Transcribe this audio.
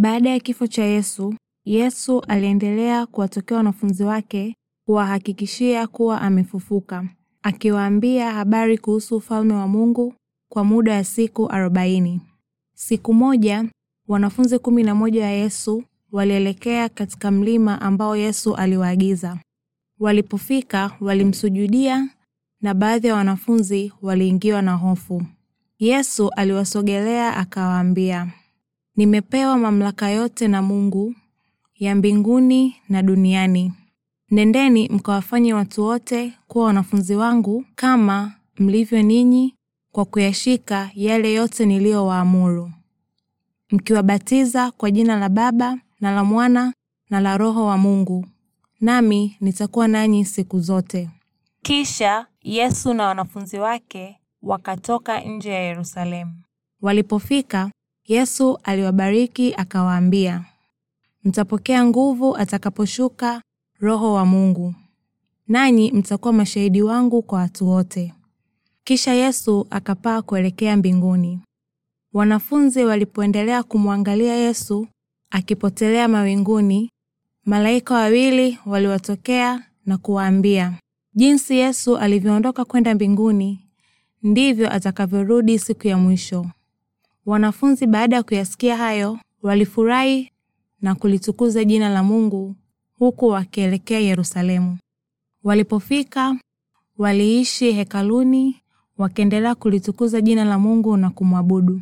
Baada ya kifo cha Yesu, Yesu aliendelea kuwatokea wanafunzi wake kuwahakikishia kuwa amefufuka, akiwaambia habari kuhusu ufalme wa Mungu kwa muda wa siku arobaini. Siku moja wanafunzi kumi na moja wa Yesu walielekea katika mlima ambao Yesu aliwaagiza. Walipofika walimsujudia, na baadhi ya wanafunzi waliingiwa na hofu. Yesu aliwasogelea akawaambia, Nimepewa mamlaka yote na Mungu ya mbinguni na duniani. Nendeni mkawafanye watu wote kuwa wanafunzi wangu kama mlivyo ninyi kwa kuyashika yale yote niliyowaamuru, mkiwabatiza kwa jina la Baba na la Mwana na la Roho wa Mungu, nami nitakuwa nanyi siku zote. Kisha Yesu na wanafunzi wake wakatoka nje ya Yerusalemu. Walipofika Yesu aliwabariki akawaambia, mtapokea nguvu atakaposhuka Roho wa Mungu, nanyi mtakuwa mashahidi wangu kwa watu wote. Kisha Yesu akapaa kuelekea mbinguni. Wanafunzi walipoendelea kumwangalia Yesu akipotelea mawinguni, malaika wawili waliwatokea na kuwaambia, jinsi Yesu alivyoondoka kwenda mbinguni ndivyo atakavyorudi siku ya mwisho. Wanafunzi baada ya kuyasikia hayo walifurahi na kulitukuza jina la Mungu huku wakielekea Yerusalemu. Walipofika waliishi hekaluni wakiendelea kulitukuza jina la Mungu na kumwabudu.